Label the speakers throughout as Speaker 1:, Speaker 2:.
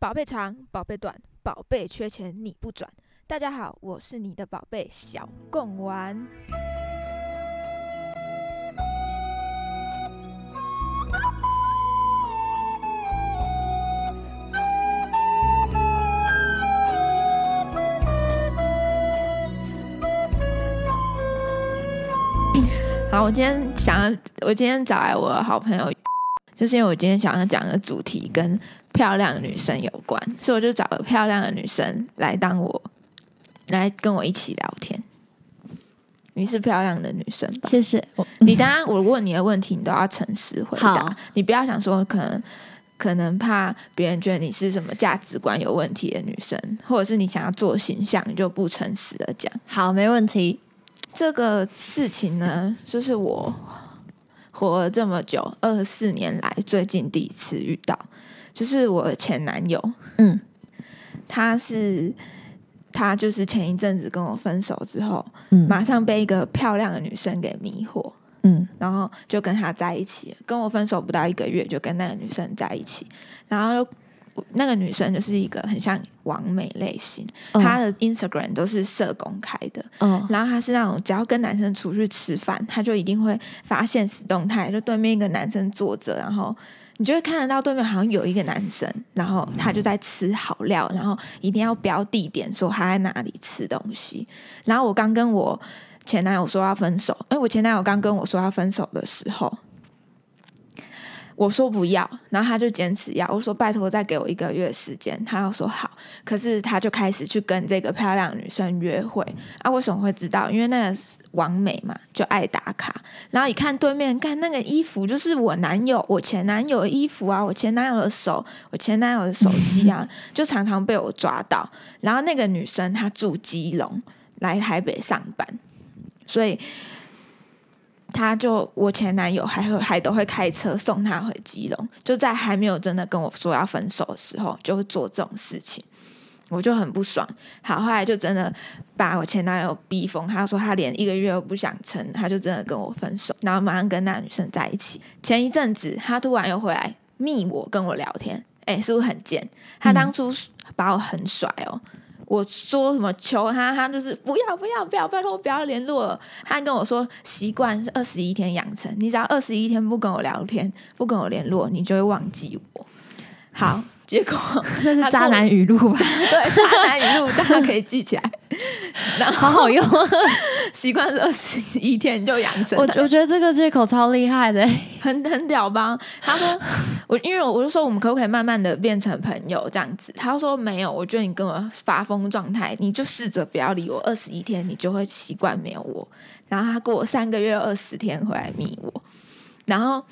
Speaker 1: 寶貝長，寶貝短，寶貝缺錢你不轉。大家好，我是你的寶貝小貢丸。好，我今天想要，我今天找來我的好朋友。就是因為我今天想要講的主題跟漂亮的女生有關，所以我就找了漂亮的女生來當我來跟我一起聊天。你是漂亮的女生吧？謝謝。 你剛剛我問你的問題，你都要誠實回答。你不要想說可能，可能怕別人覺得你是什麼價值觀有問題的女生，或者是你想要做形象，你就不誠實的講。好，沒問題。這個事情呢，就是我。活了這麼久，二十四年來最近第一次遇到，就是我的前男友。嗯，他是他就是前一陣子跟我分手之後，嗯，馬上被一個漂亮的女生給迷惑，嗯，然後就跟他在一起，跟我分手不到一個月就跟那個女生在一起，然後又。那個女生就是一個很像網美類型，嗯，她的 Instagram 都是設公開的。嗯，然後她是那種只要跟男生出去吃飯，她就一定會發限時動態。就對面一個男生坐着，然後你就會看得到對面好像有一個男生，然後他就在吃好料，然後一定要標地點，說他在哪裡吃東西。然後我剛跟我前男友說要分手，因為我前男友剛跟我說要分手的時候。我說不要，然後他就堅持要。我說拜托，再給我一個月時間。他要說好，可是他就開始去跟這個漂亮女生約會。啊，為什麼會知道？因為那個網美嘛，就愛打卡。然後一看對面，看那個衣服，就是我男友、我前男友的衣服啊，我前男友的手、我前男友的手機啊， 就常常被我抓到。然後那個女生她住基隆，來台北上班，所以。他就我前男友還會還都會開車送他回基隆，就在還沒有真的跟我說要分手的時候，就會做這種事情，我就很不爽。好，後來就真的把我前男友逼瘋，他說他連一個月都不想撐，他就真的跟我分手，然後馬上跟那個女生在一起。前一陣子他突然又回來密我跟我聊天，哎、欸，是不是很賤？他當初把我很甩哦。嗯我說什麼求他，他就是不要不要不要不要，我不要聯絡了。他跟我說，習慣是二十一天養成，你只要二十一天不跟我聊天，不跟我聯絡，你就會忘記我。好，結果那是渣男語錄吧？ 對，渣男語錄，大家可以記起來。 然後好好用，習慣二十一天就養成。我覺得這個借口超厲害的，很很屌吧？他說，我因為我我就說，我們可不可以慢慢的變成朋友這樣子？他說沒有，我覺得你跟我發瘋狀態，你就試着不要理我，二十一天你就會習慣沒有我。然後他過三個月二十天回來密我，然後。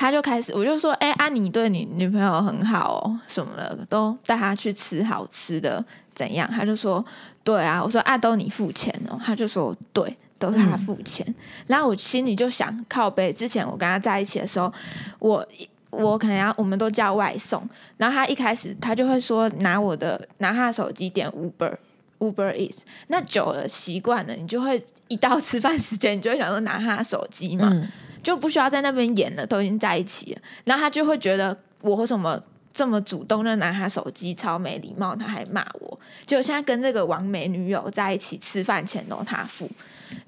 Speaker 1: 他就開始，我就說，哎、欸，阿、啊、你對你女朋友很好哦，什麼的，都帶她去吃好吃的，怎樣？他就說，對啊。我說，啊，都你付錢哦。他就說，對，都是他付錢。嗯、然後我心裡就想，靠北，之前我跟他在一起的時候，我我可能要、嗯，我們都叫外送，然後他一開始他就會說拿我的，拿他的手機點 Uber，Uber Eats。那久了習慣了，你就會一到吃飯時間，你就會想說拿他的手機嘛。嗯就不需要在那邊演了，都已經在一起了。然後他就會覺得我為什麼這麼主動就拿他手機，超沒禮貌，他還罵我。就現在跟這個網美女友在一起吃飯錢都他付，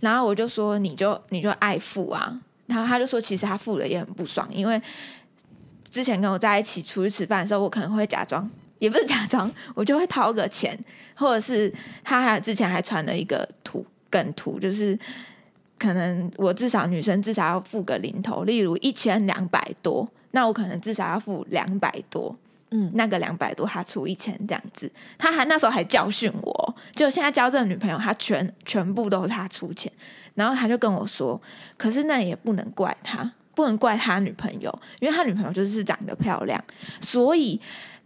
Speaker 1: 然後我就說你就你就愛付啊。然後他就說其實他付了也很不爽，因為之前跟我在一起出去吃飯的時候，我可能會假裝也不是假裝，我就會掏個錢，或者是他還之前還傳了一個圖梗圖，就是。可能我至少女生至少要付個零頭，例如一千兩百多，那我可能至少要付兩百多，嗯，那個兩百多他出一千這樣子。他還那時候還教訓我、哦，就現在交這個女朋友，他全全部都是他出錢，然後他就跟我說。可是那也不能怪他，不能怪他女朋友，因為他女朋友就是長得漂亮，所以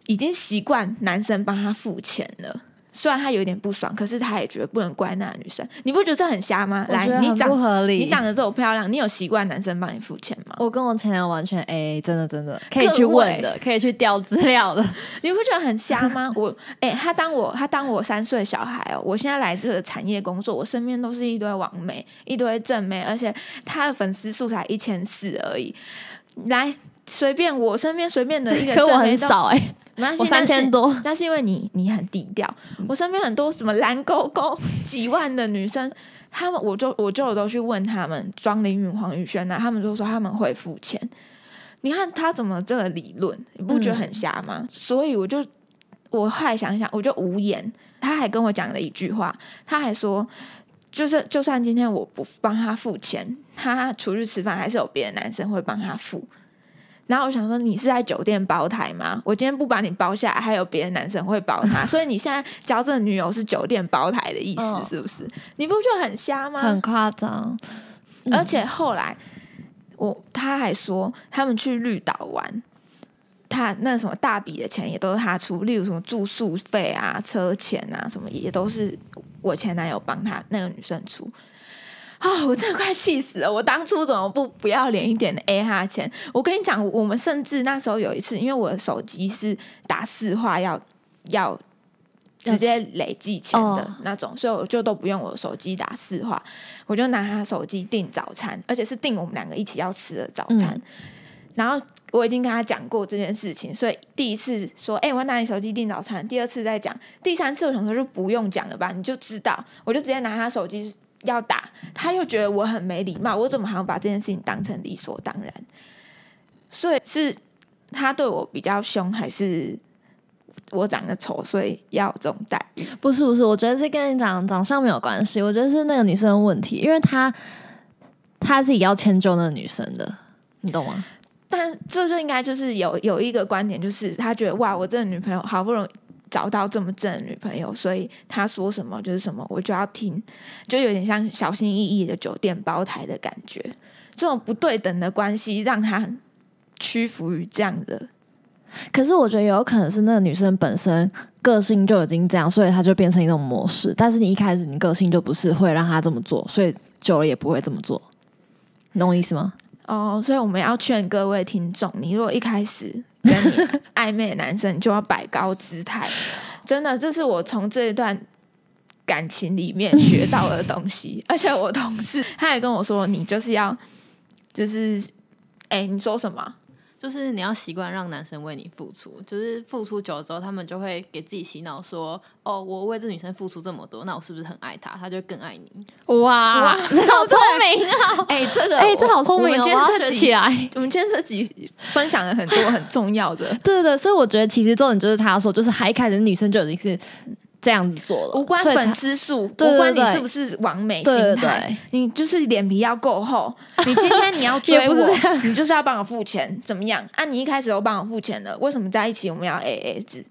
Speaker 1: 已經習慣男生幫他付錢了。雖然他有點不爽，可是他也覺得不能怪那個女生。你不覺得這很瞎嗎？來，我覺得很不合理。你長，你長得這麼漂亮，你有習慣男生幫你付錢嗎？我跟我前男友完全 A A，真的真的可以去問的，可以去調資料的。你不覺得很瞎嗎？ 我哎、欸，他當我他當我三歲小孩哦、喔。我現在來這個產業工作，我身邊都是一堆網美，一堆正妹，而且他的粉絲數才一千四而已。來。隨便我身邊隨便的一個都，可我很少哎、欸，沒關係。我三千多但，但是因為你你很低調，嗯、我身邊很多什麼藍勾勾幾萬的女生， 他們我就我就我都去問他們莊林允、黃宇軒吶，他們都說他們會付錢。你看他怎麼這個理論，你不覺得很瞎嗎？嗯、所以我就我後來想想，我就無言。他還跟我講了一句話，他還說，就是就算今天我不幫他付錢，他出去吃飯還是有別的男生會幫他付。然後我想說，你是在酒店包台嗎？我今天不把你包下來，還有別的男生會包他。 所以你現在交這個女友是酒店包台的意思，是不是？哦、你不覺得很瞎嗎？很誇張。嗯、而且後來，我他還說他們去綠島玩，他那什麼大筆的錢也都是他出，例如什麼住宿費啊、車錢啊，什麼也都是我前男友幫他那個女生出。哦，我真的快氣死了！我當初怎麼不不要臉一點的 A 他錢？我跟你講，我們甚至那時候有一次，因為我的手機是打市話要要直接累計錢的那種，哦，所以我就都不用我的手機打市話，我就拿他手機訂早餐，而且是訂我們兩個一起要吃的早餐。嗯、然後我已經跟他講過這件事情，所以第一次說，哎、欸，我要拿你手機訂早餐；第二次再講，第三次我想說就不用講了吧，你就知道，我就直接拿他手機。要打，他又覺得我很沒禮貌，我怎麼好像把這件事情當成理所當然？所以是他對我比較兇，還是我長得醜，所以要這種待遇？
Speaker 2: 不是不是，我覺得這跟你長長相沒有關係，我覺得是那個女生的問題，因為她，他自己要遷就那個女生的，你懂嗎？
Speaker 1: 但這就應該就是有有一個觀點，就是他覺得哇，我這個女朋友好不容易。找到這麼正的女朋友，所以他說什麼就是什麼，我就要聽，就有點像小心翼翼的酒店包台的感覺。這種不對等的關係讓他很屈服於這樣的。
Speaker 2: 可是我覺得有可能是那個女生本身個性就已經這樣，所以他就變成一種模式。但是你一開始你個性就不是會讓他這麼做，所以久了也不會這麼做。懂我意思嗎？
Speaker 1: 哦，所以我們要勸各位聽眾，你如果一開始。 跟你曖昧的男生你就要擺高姿態，真的，這是我從這一段感情裡面學到的東西。而且我同事他還跟我說，你就是要就是，哎，你說什麼？
Speaker 2: 就是你要習慣讓男生為你付出，就是付出久了之後，他們就會給自己洗腦說：“哦，我為這女生付出這麼多，那我是不是很愛她？她就更愛你。
Speaker 1: 哇”哇，這好聰明啊！哎， 這、欸、個，哎、欸，這好聰明、哦。我們今天這集我要學起來，我們今天這集分享了很多很重要的。 對對，所以我覺得其實重
Speaker 2: 點就是他說，就是一開始的女生就已經是。這樣子做了，無關粉絲數，無關你是不
Speaker 1: 是完美心態，你就是臉皮要夠厚。 你今天你要追我， 你就是要幫我付錢，怎麼樣？啊，你一開始都幫我付錢了，為什麼在一起我們要 AA 製？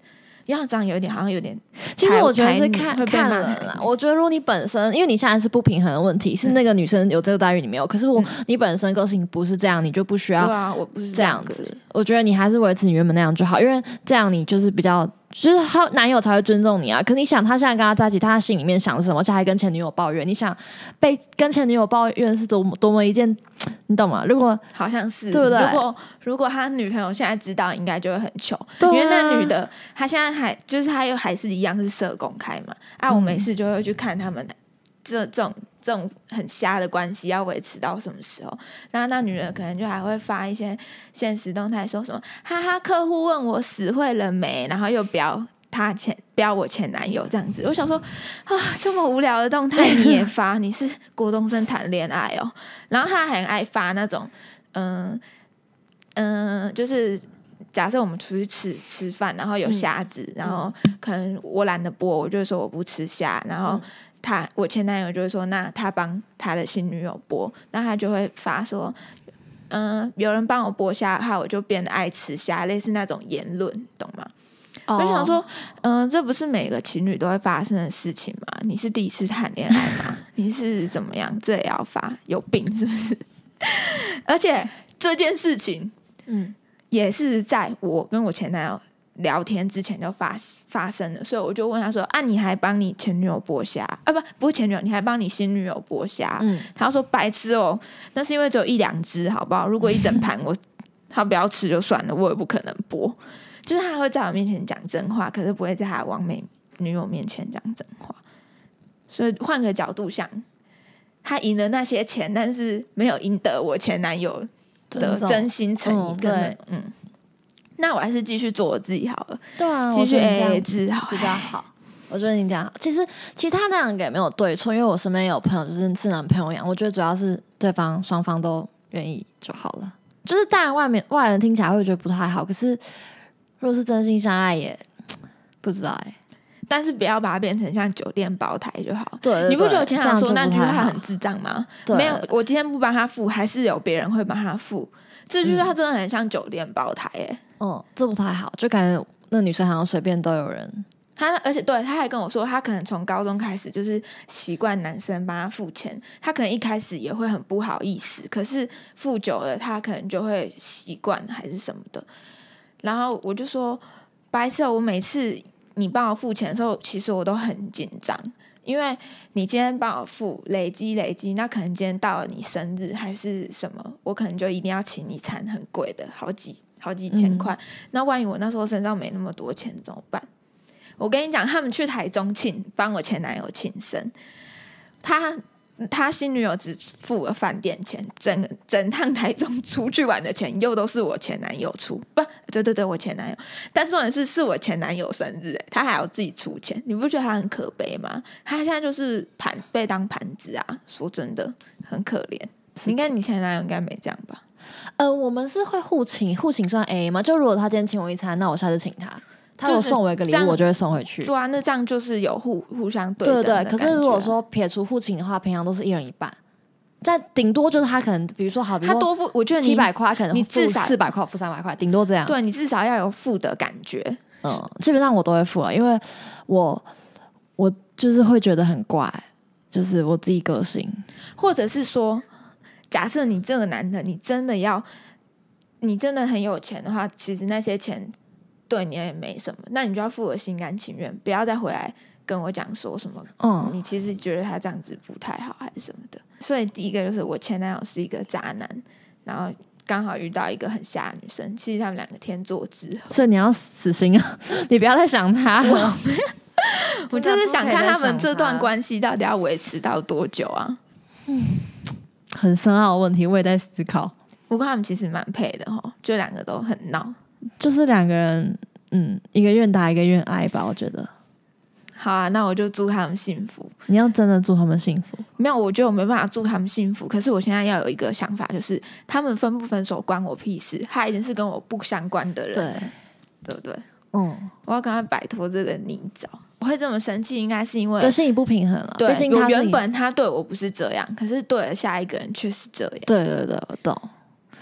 Speaker 1: 要這樣有點，好像有點。其實我覺得是看看人啊。我覺得如果你本
Speaker 2: 身，因為你現在是不平衡的問題，嗯、是那個女生有這個待遇，你沒有。可是我、嗯，你本身個性不是這樣，你就不需要。對啊，我不是這樣子。我覺得你還是維持你原本那樣就好，因為這樣你就是比較。就是他男友才會尊重你啊！可你想，他現在跟他在一起，他心裡面想的什麼？他還跟前女友抱怨。你想被跟前女友抱怨是多麼多麼一件，你懂嗎？如果
Speaker 1: 好像是，對對，如果如果他女朋友現在知道，應該就會很糗，啊、因為那女的她現在還就是她又還是一樣是社工開嘛。啊，我沒事就會去看他們。嗯這，這種這種很瞎的關係要維持到什麼時候？那那女人可能就還會發一些現實動態，說什麼“哈哈，客戶問我死會了沒”，然後又標他前標我前男友這樣子。我想說啊，這麼無聊的動態你也發？ 你是國中生談戀愛哦？然後他很愛發那種嗯嗯、呃呃，就是假設我們出去吃吃飯，然後有蝦子，嗯、然後可能我懶得剝，我就說我不吃蝦，然後。他我前男友就會說，那他幫他的新女友剝，那他就會發說，嗯、呃，有人幫我剝蝦的話，我就變得愛吃蝦，類似那種言論，懂嗎？Oh. 我想說，嗯、呃，這不是每個情侶都會發生的事情嗎？你是第一次談戀愛嗎？ 你是怎麼樣，這也要發，有病是不是？ 而且這件事情，嗯，也是在我跟我前男友聊天之前就發發生了，所以我就問他說：“啊，你還幫你前女友剝蝦啊？啊不，不是前女友，你還幫你新女友剝蝦，啊嗯？”他說白、喔：“白痴哦，那是因為只有一兩隻好不好？如果一整盤我 他不要吃就算了，我也不可能剝。就是他會在我面前講真話，可是不會在他網美女友面前講真話。所以換個角度想，他贏了那些錢，但是沒有贏得我前男友
Speaker 2: 的真心誠意、嗯那個，對，嗯。”
Speaker 1: 那我還是繼續做我自己好了，
Speaker 2: 對啊，繼續 AA 制好比較好。我覺得你講，其實其實他那兩個也沒有對錯，因為我身邊有朋友就是跟男朋友養，我覺得主要是對方雙方都願意就好了。就是當然外面外人聽起來會覺得不太好，可是若是真心相愛也
Speaker 1: 不知道哎、欸，但是不要把它變成像酒店包台就好。對，對,對，你不覺得前兩天說那句話很智障嗎？對沒有，我今天不幫他付，還是有別人會幫他付，這就是他真的很像酒店包台哎、欸。嗯
Speaker 2: 哦，這不太好，就感覺那女生好像隨便都有人。
Speaker 1: 她，而且對，她還跟我說，她可能從高中開始就是習慣男生幫她付錢。她可能一開始也會很不好意思，可是付久了，她可能就會習慣還是什麼的。然後我就說：“白色，我每次你幫我付錢的時候，其實我都很緊張。”因為你今天幫我付，累積累積，那可能今天到了你生日還是什麼，我可能就一定要請你餐很貴的，好幾好幾千塊。嗯。那萬一我那時候身上沒那麼多錢怎麼辦？我跟你講，他們去台中慶，幫我前男友慶生，他。他新女友只付了飯店錢，整整趟台中出去玩的錢又都是我前男友出。不，對對對，我前男友。但重點是，是我前男友生日，欸，他還要自己出錢。你不覺得他很可悲嗎？他現在就是盤被當盤子啊！說真的，很可憐。應該你前男友應該沒這樣吧？
Speaker 2: 呃、嗯，我們是會互請，互請算 AA 嗎？就如果他今天請我一餐，那我下次請他。
Speaker 1: 他有送我一個禮物，我就會送回去。對啊，那這樣就是有互互相對等的感覺。對對對，可是如
Speaker 2: 果說撇除父親的話，平常都是一人一半，再頂多就是他可能，比如說好，比他多付，我覺得七百塊，可能你至少四百
Speaker 1: 塊付三百塊，頂多這樣。對，你至少要有付的感覺。嗯，
Speaker 2: 基本上我都會付啊，因為我我就是會覺得很怪，就是我自己個性。嗯、
Speaker 1: 或者是說，假設你這個男的，你真的要，你真的很有錢的話，其實那些錢。對你也沒什麼，那你就要付我心甘情願，不要再回來跟我講說什麼。嗯，你其實覺得他這樣子不太好，還是什麼的？所以第一個就是我前男友是一個渣男，然後剛好遇到一個很瞎的女生，其實他們兩個天作之合。
Speaker 2: 所以你要死心啊！ 你不要再想他了。
Speaker 1: 我就是想看他們這段關係到底要維持到多久啊？嗯，
Speaker 2: 很深奧的問題，我也在思考。不過
Speaker 1: 他們其實蠻配的哦，就兩個都很鬧。
Speaker 2: 就是兩個人，嗯，一個願打，一個願挨吧。我覺得，
Speaker 1: 好啊，那我就祝他們幸福。
Speaker 2: 你要真的祝他們幸福，
Speaker 1: 沒有，我覺得我沒辦法祝他們幸福。可是我現在要有一個想法，就是他們分不分手關我屁事，他已經是跟我不相關的人，對，對不對？嗯，我要跟他擺脫這個泥沼。我會這麼生氣，應該是因為心理不平衡了，啊。對，原本他對我不是這樣，可是對了下一個人卻是這樣。對對對，我懂。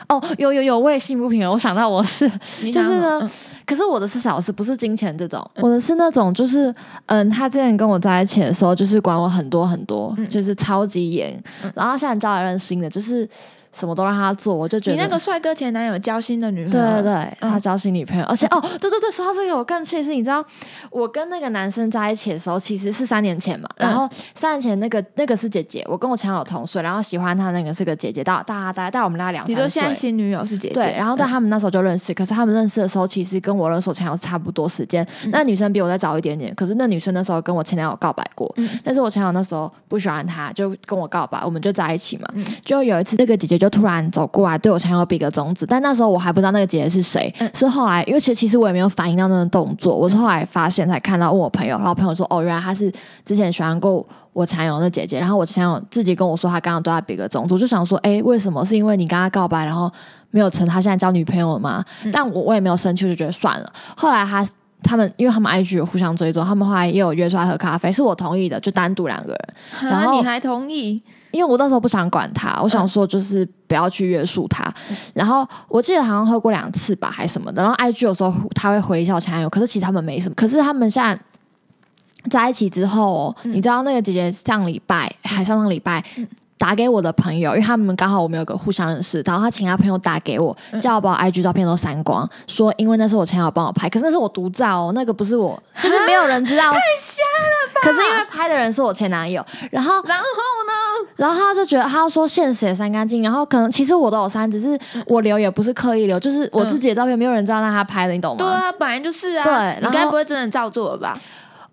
Speaker 2: 哦、oh，有有有，我也心不平了。我想到我是， 就是呢、嗯，可是我的是小事，不是金錢這種。嗯、我的是那種，就是嗯，他之前跟我在一起的時候，就是管我很多很多，嗯、就是超級嚴、嗯。然後現在招來認識新的，就是。什麼都讓他做，我就覺得你那個
Speaker 1: 帥哥前男友交心的女朋友，對對對，
Speaker 2: 他、嗯啊、交心女朋友，而且、嗯、哦，
Speaker 1: 對對對，說到這個我更氣的
Speaker 2: 是，你知道我跟那個男生在一起的時候其實是三年前嘛，嗯、然後三年前那個那個是姐姐，我跟我前男友同歲，然後喜歡他那個是個姐姐，大大大大，大我們倆兩歲。你說新女友是姐姐，對，然後在他們那時候就認識，可是他們認識的時候其實跟我的時候前男友差不多時間，那女生比我再早一點點，嗯、可是那女生那時候跟我前男友告白過、嗯，但是我前男友那時候不喜歡她，就跟我告白，我們就在一起嘛，嗯、就有一次那個姐姐就。就突然走過來對我前男友比個中指，但那時候我還不知道那個姐姐是誰、嗯，是後來因為其實其實我也沒有反應到那個動作，我是後來發現才看到，問我朋友，然後朋友說哦，原來她是之前喜歡過我前男友那姐姐，然後我前男友自己跟我說他剛剛對她比個中指，我就想說哎、欸、為什麼？是因為你跟她告白然後沒有成，他現在交女朋友了嗎？嗯、但我我也沒有生氣，就覺得算了。後來他他們因為他們 IG 有互相追蹤，他們後來又有約出來喝咖啡，是我同意的，就單獨兩個人。嗯、然後、啊、你還同意。因為我那時候不想管他，我想說就是不要去約束他。嗯、然後我記得好像喝過兩次吧，還是什麼的。然後 IG 有時候他會回一下我前男友，可是其實他們沒什麼。可是他們現在在一起之後、哦嗯，你知道那個姐姐上禮拜、嗯、還上上禮拜。嗯嗯打給我的朋友，因為他們剛好我們有個互相認識，然後他請他朋友打給我，叫我把我 IG 照片都刪光、嗯，說因為那是我前男友幫我拍，可是那是我獨照哦，那個不是我，就是沒有人知道。太瞎了吧！可是因為拍的人是我前男友，然後
Speaker 1: 然後
Speaker 2: 呢？然後他就覺得他說，現實也刪乾淨，然後可能其實我都有刪，只是我留也不是刻意留，就是我自己的照片，沒有人知道讓他拍的，你懂嗎、嗯？對啊，
Speaker 1: 本來就是啊，對然後你該不會真的照做了吧？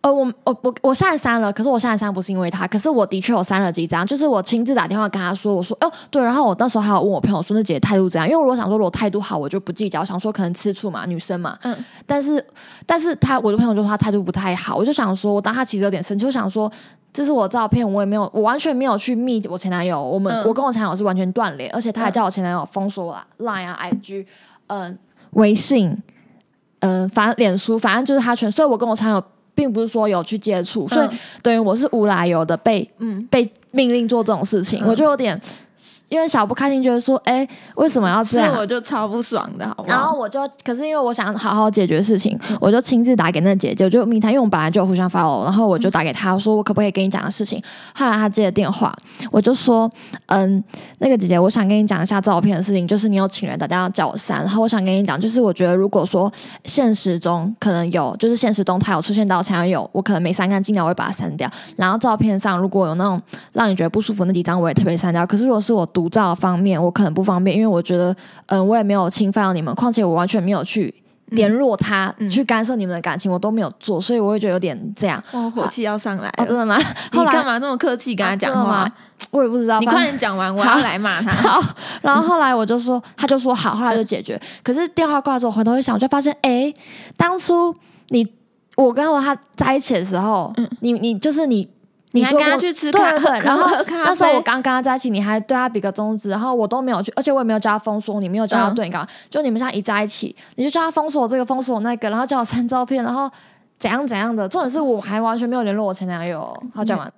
Speaker 2: 呃，我我我我現在刪了，可是我現在刪不是因為他，可是我的確有刪了幾張，就是我親自打電話跟他說，我說，哦、呃，對，然後我那時候還有問我朋友說那姐姐態度怎樣，因為我想說我態度好，我就不計較，我想說可能吃醋嘛，女生嘛，嗯，但是，但是他我的朋友就說他態度不太好，我就想說，我當他其實有點生氣，就想說這是我照片，我也沒有，我完全沒有去密我前男友，我們、嗯、我跟我前男友是完全斷聯，而且他還叫我前男友封鎖了、嗯啊、Line、啊、IG、呃、嗯，微信，嗯、呃，反正臉書，反正就是他全，所以我跟我前男友。並不是說有去接觸，所以等於我是無來由的被嗯被命令做這種事情，嗯、我就有點。因為小不開心，覺得說，哎、欸，為什麼要這樣？我
Speaker 1: 就超不爽的，好，好。然後我
Speaker 2: 就，可是因為我想好好解決事情，嗯、我就親自打給那姐姐，我就密他，因為我本來就有互相 follow。然後我就打給他，我說我可不可以跟你講個事情？後來他接了電話，我就說，嗯，那個姐姐，我想跟你講一下照片的事情，就是你有請人，打電話叫我刪。然後我想跟你講，就是我覺得如果說現實中可能有，就是現實中她有出現到，歉，有我可能沒刪乾淨，我會把它刪掉。然後照片上如果有那種讓你覺得不舒服那幾張，我也特別刪掉。可是如果是是我獨照的方面，我可能不方便，因為我覺得，嗯、呃，我也沒有侵犯到你們，況且我完全沒有去聯絡他、嗯嗯，去干涉你們的感情，我都沒有做，所以我也覺得有點這樣，哦、火
Speaker 1: 氣要上來、啊，真的嗎？後來你幹嘛這麼客氣跟他講話、啊？我也不知道，你快點講完，我要來罵他。好、
Speaker 2: 嗯，然後後來我就說，他就說好，後來就解決。嗯、可是電話掛之後，我回頭一想，我就發現，哎、欸，當初你我跟我他在一起的時候，嗯，你你就是你。你還跟他去吃對對對咖啡，然後那時候我剛剛跟他在一起，你還對他比個中指，然後我都沒有去，而且我也沒有叫他封鎖，你沒有叫他對你幹嘛、嗯、就你們現在一在一起，你就叫他封鎖這個，封鎖那個，然後叫我刪照片，然後怎樣怎樣的？重點是我還完全沒有聯絡我前男友、哦。好，講完。嗯、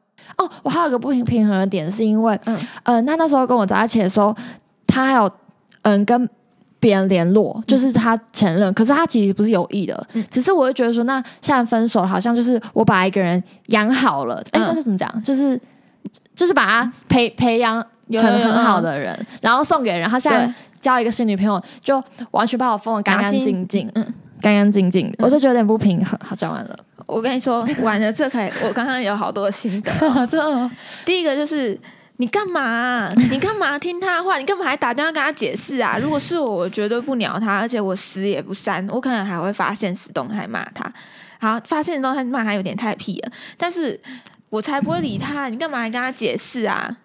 Speaker 2: 哦，我還有個不平平衡的點，是因為，嗯、呃，他那，那時候跟我在一起的時候，他還有，嗯、呃，跟。別人聯絡就是他承認、嗯，可是他其實不是有意的、嗯，只是我會覺得說，那現在分手好像就是我把一個人養好了，哎、嗯欸，那是怎麼講？就是就是把他培培養成很好的人有有有好，然後送給人，他現在交一個新女朋友，就完全把我封得干干淨淨,乾淨，嗯，干干淨淨、嗯，我就覺得有點不平衡。好，講完了，
Speaker 1: 我跟你說，完了這可以， 我剛剛有好多心得、哦， 這第一個就是。你幹嘛啊？你幹嘛聽他的話？你幹嘛還打電話跟他解釋啊？如果是我，我絕對不鳥他，而且我死也不刪，我可能還會發限時動態罵他。好，發限時動態罵他，還有點太屁了。但是我才不會理他。你幹嘛還跟他解釋啊？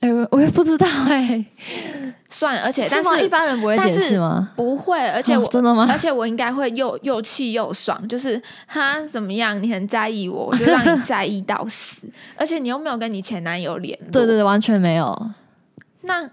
Speaker 2: 哎，我也不知道哎、欸。
Speaker 1: 算了，而且是但是一般人不會解釋嗎？但是不會，而且我、哦、真的嗎？而且我應該會又又氣又爽，就是哈怎麼樣，你很在意我，我就讓你在意到死。 而且你又沒有跟你前男友聯
Speaker 2: 絡，對對對，完全沒有。
Speaker 1: 那。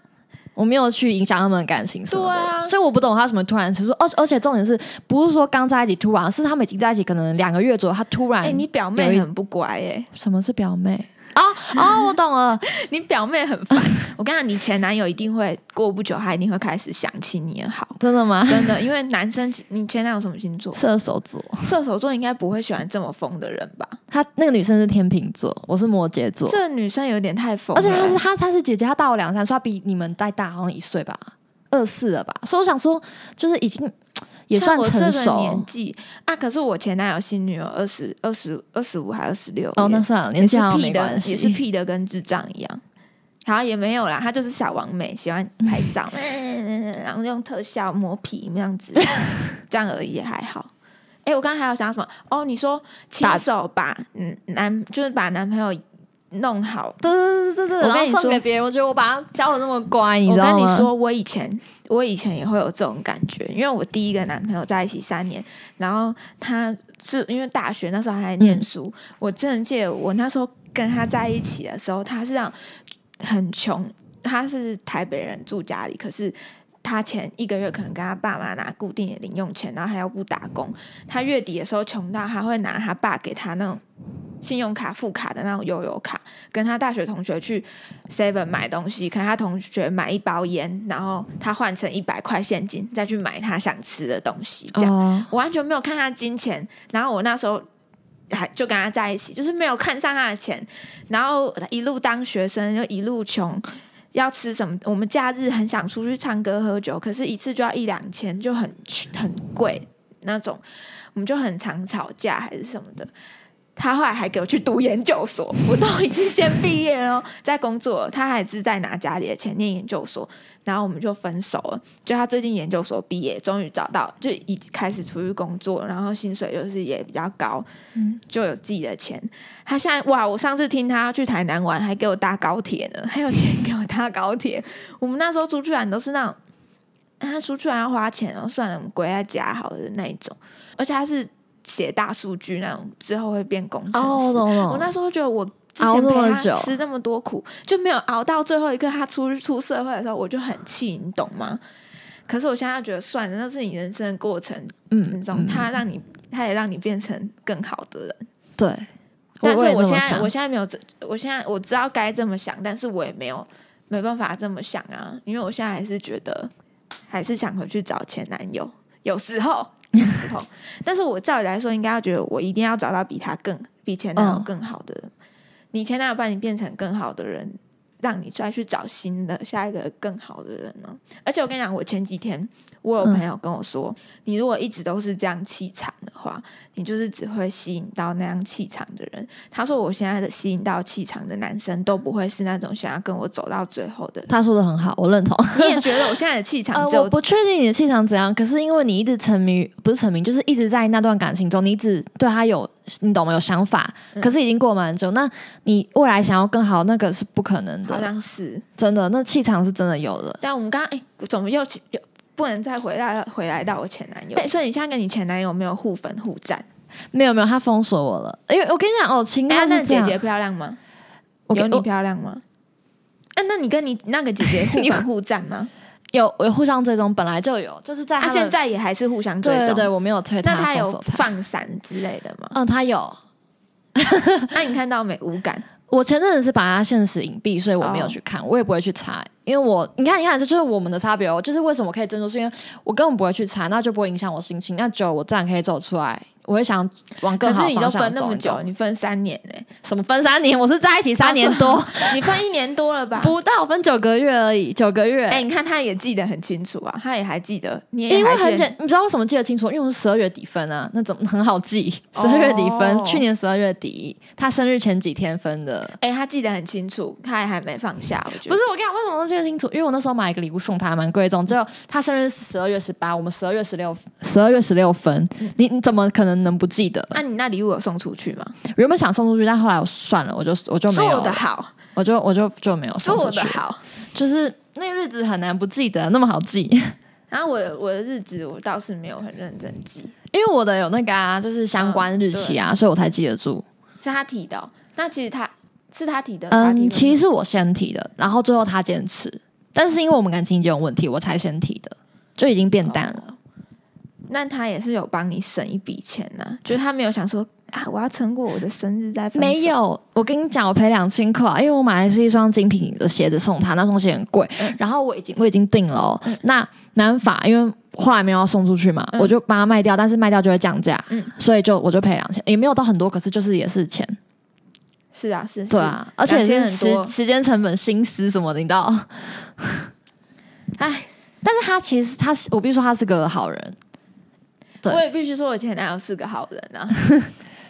Speaker 2: 我沒有去影響他們的感情什麼的對、啊，所以我不懂他什麼突然結束。而而且重點是，不是說剛在一起突然，是他們已經在一起可能
Speaker 1: 兩個月左右，他突然。哎、欸，你表妹很不
Speaker 2: 乖哎、欸。什麼是表妹？
Speaker 1: 啊、哦、啊、 哦，我懂了，你表妹很煩。 我跟你講，你前男友一定會過不久，他一定會開始想起你。也好，真的嗎？真的，因為男生，你前男友什麼星座？射手座。射手座應該不會喜歡這麼瘋的人吧？
Speaker 2: 他那個女生是天秤座，我是摩羯座。這
Speaker 1: 個女生有點太瘋，而且她是她
Speaker 2: 她是姐姐，她大我兩三歲，所以比你們大大好像一歲吧，二四了吧。所以我想說，就是已經
Speaker 1: 也算成熟這個年紀啊。可是我前男友新女友二十二十二十五還二十六哦，那算了，年紀啊，沒關係，也是 P 的，跟智障一樣。然後也沒有啦，她就是小網美，喜歡拍照， 然後用特效磨皮那樣子， 這樣而已還好。哎、欸，我剛剛還有想什麼？哦，你說親手把、嗯、男就是把男朋友弄好，對對對對對，我跟你說，送給別人，我覺得我把他教的那麼乖，你知道嗎？我跟你說，我以前我以前也會有這種感覺，因為我第一個男朋友在一起三年，然後他是因為大學那時候還在念書、嗯，我真的記得我那時候跟他在一起的時候，他是這樣。很窮，他是台北人住家裡，可是他前一個月可能跟他爸媽拿固定的零用錢，然後還要不打工。他月底的時候窮到他會拿他爸給他那種信用卡副卡的那種悠遊卡，跟他大學同學去 Seven 買東西，跟他同學買一包菸，然後他換成一百塊現金再去買他想吃的東西。這樣、oh. 我完全沒有看他金錢，然後我那時候。還就跟他在一起，就是沒有看上他的錢，然後一路當學生，又一路窮，要吃什麼？我們假日很想出去唱歌喝酒，可是一次就要一兩千，就很很貴那種，我們就很常吵架，還是什麼的。他後來還給我去讀研究所，我都已經先畢業了，哦，在工作，他還是在拿家裡的錢念研究所，然後我們就分手了。就他最近研究所畢業，終於找到，就已開始出去工作了，然後薪水又是也比較高，就有自己的錢。他現在哇，我上次聽他去台南玩，還給我搭高鐵呢，還有錢給我搭高鐵。我們那時候出去玩都是那種，他，啊，出去玩要花錢，哦，然算了很貴，我們歸在家好的那一種，而且他是。寫大數據那種，之後會變工程師。Oh, 我那時候覺得，我之前陪他，吃那麼多苦，熬這麼久，就沒有熬到最後一刻。他出出社會的時候，我就很氣，你懂嗎？可是我現在覺得，算了，那是你人生的過程那種、嗯、他讓你、嗯，他也讓你變成更好的人。對。但是我現在，我，我現在沒有這，我現在我知道該這麼想，但是我也沒有沒辦法這麼想啊，因為我現在還是覺得，還是想回去找前男友。有時候。時候，但是我照理來說，應該要覺得我一定要找到比他更、比前男友更好的。嗯。你前男友把你變成更好的人。讓你再去找新的下一個更好的人呢？而且我跟你講，我前幾天我有朋友跟我說、嗯，你如果一直都是這樣氣場的話，你就是只會吸引到那樣氣場的人。他說我現在的吸引到氣場的男生都不會是那種想要跟我走到最後的。他
Speaker 2: 說的很好，我認
Speaker 1: 同。你也覺得我現在的氣場、 呃，我不
Speaker 2: 確定你的氣場怎樣，可是因為你一直沉迷，不是沉迷，就是一直在那段感情中，你只對他有，你懂嗎？有想法，可是已經過蠻久、嗯，那你未來想要更好，那個是不可能的。好像是真的，那氣場是真的有的。
Speaker 1: 但我們剛剛哎，怎麼又又不能再回來回來到我前男友？所以你現在跟你前男友沒有互粉互讚？沒
Speaker 2: 有沒有，他封鎖我了。因、
Speaker 1: 欸、為我跟你講哦，秦亞娜姐姐漂亮嗎？有你漂亮嗎？哎、啊，那你跟你那個姐姐互粉互讚嗎？ 有有，有互相追蹤，本來就有，就是在他、啊、現在也
Speaker 2: 還是互相追蹤。對、對、對，我沒有推她，那他有
Speaker 1: 放閃之類的嗎？嗯，他有。那、 啊、你看到沒？無感。
Speaker 2: 我前陣子是把它限時隱蔽，所以我沒有去看，oh. 我也不會去查、欸。因為我，你看，你看，這就是我們的差別哦。就是為什麼可以振作，是因為我根本不會去查，那就不會影響我心情。那久，我自然可以走出來。我會想往更好的方向。可是你都分那麼久，
Speaker 1: 久你分三年呢、欸？
Speaker 2: 什麼分三年？我是在一起三年多，啊、 你分一年多了吧？不到，分九個月而已，九個月。哎、欸，你看，他也記得很清楚啊，他也還記得，你也，
Speaker 1: 也記得、欸。因為很簡，
Speaker 2: 你知道為什麼記得清楚？因為我們十二月底分啊，那怎麼很好記？十二月底分，哦、去年十二月底，他生日前幾天分的。
Speaker 1: 哎、欸，他記得很清楚，他也還沒放下。不是，我
Speaker 2: 跟你講，為什麼？很清楚，因為我那時候買一個禮物送他，蠻貴重。最後他生日是十二月十八，我們十二月十六，十二月十六分，你你怎麼可能能不記得？那、嗯啊、你那禮物有送出去嗎？原本想送出去，但後來我算了，我就我就沒有的好，我就我就就沒有送出去的好，就是那日子很難不記得，那麼好記。
Speaker 1: 然、啊、後我我的日子我倒是沒有很認真記，
Speaker 2: 因為我的有那個、啊、就是相關日期啊、嗯，所以我才記得住。
Speaker 1: 是他提到，那其實他。是他提的，他提的，嗯，其實
Speaker 2: 是我先提的，然後最後他堅持，但是因為我們感情已經有問題，我才先提的，就已經變淡了。哦、
Speaker 1: 那他也是有幫你省一筆錢呢、啊，就是他沒有想說啊，我要撐過我的生日再分手。沒有。
Speaker 2: 我跟你講，我賠兩千塊，因為我買的是一雙精品的鞋子送他，那雙鞋很貴、嗯，然後我已經我已經訂了、哦嗯，那南法因為後來沒有要送出去嘛，嗯、我就把它賣掉，但是賣掉就會降價，嗯，所以就我就賠兩千，也沒有到很多，可是就是也是錢。
Speaker 1: 是啊，是是啊，而且時間時
Speaker 2: 間成本、心思什麼的，你知道？哎， 但是他其實他，我必須說他是個好人。對我
Speaker 1: 也必須說我前男友是個好人啊。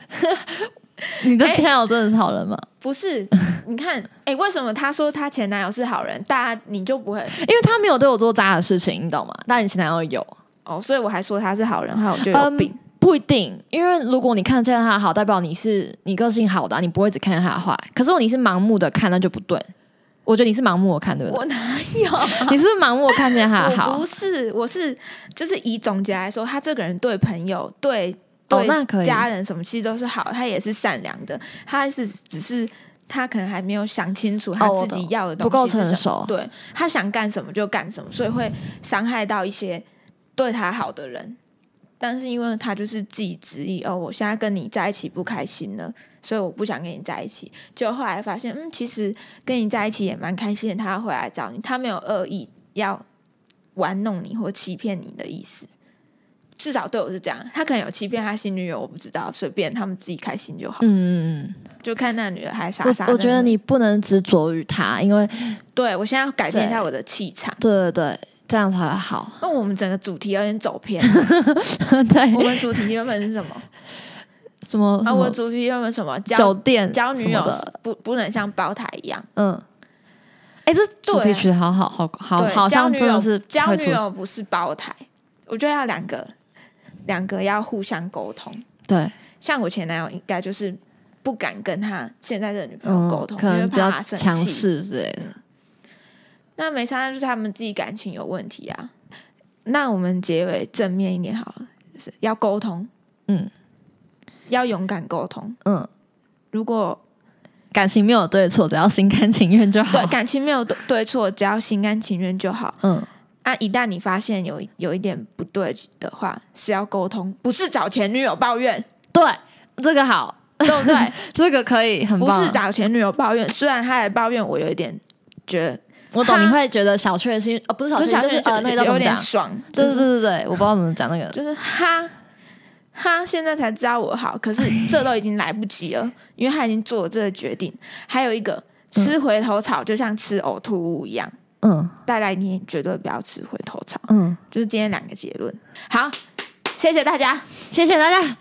Speaker 2: 你的前男友真的是好人嗎？
Speaker 1: 欸？不是，你看，哎，欸，為什麼他說他前男友是好人，但你就不會？
Speaker 2: 因為他沒有對我做渣的事情，你懂嗎？但你前男友有哦，所以我還說他是好人，還有覺有病。嗯不一定，因為如果你看見他好，代表你是你個性好的啊，你不會只看見他的壞。可是如果你是盲目的看，那就不對。我覺得你是盲目的看，對不對？我
Speaker 1: 哪有？ 你是不是盲目的看見他好？我不是，我是就是以總結來說，他這個人對朋友、對對家人什麼其實都是好，他也是善良的。他還是只是他可能還沒有想清楚他自己要的東西、oh, 不夠成熟，對他想幹什麼就幹什麼，所以會傷害到一些對他好的人。但是因為他就是自己執意哦，我現在跟你在一起不開心了，所以我不想跟你在一起。結果後來發現，嗯，其實跟你在一起也蠻開心的。他要回來找你，他沒有惡意要玩弄你或欺騙你的意思，至少對我是這樣。他可能有欺騙他新女友，我不知道，隨便他們自己開心就好。嗯嗯嗯，就看那女的還傻傻的。我，我覺得你
Speaker 2: 不能執着於他，因為、嗯、
Speaker 1: 對我現在要改變一下我的氣
Speaker 2: 場。對對對。這樣才好、
Speaker 1: 嗯。那我們整個主題有點走偏。 對。我們主題原本是什麼？什麼？啊，我們主題原本是什麼教？酒店教女友不不能像包台一樣。嗯。哎、欸，這主題曲
Speaker 2: 好好好好好，好像真的是教女友
Speaker 1: 不是包台。我覺得要兩個，兩個要互相溝通。對。像我前男友應該就是不敢跟他現在的女朋友溝通，可能比較強勢之類那沒差，那就是他們自己感情有問題啊。那我們結尾正面一點好，就是要溝通，嗯，要勇敢溝通，嗯。如果感情沒有對錯，只要心甘情願就好。對，感情沒有對錯，只要心甘情願就好。嗯。那、啊、一旦你發現有有一點不對的話，是要溝通，不是找前女友抱怨。對，這個好，對不對？ 這個可以，很棒。不是找前女友抱怨。雖然她來抱怨，我有一點覺得。
Speaker 2: 我懂你會覺得小確幸，哦，不是小確幸，就是那個、呃、有點爽，對對對對，
Speaker 1: 對對，嗯、我不知道怎麼講那個。就是他，他現在才知道我好，可是這都已經來不及了，唉唉因為他已經做了這個決定。還有一個，吃回頭草、嗯、就像吃嘔吐物一樣，
Speaker 2: 嗯，
Speaker 1: 帶來你絕對不要吃回頭草，嗯，就是今天兩個結論。好，謝謝大家，謝謝大家。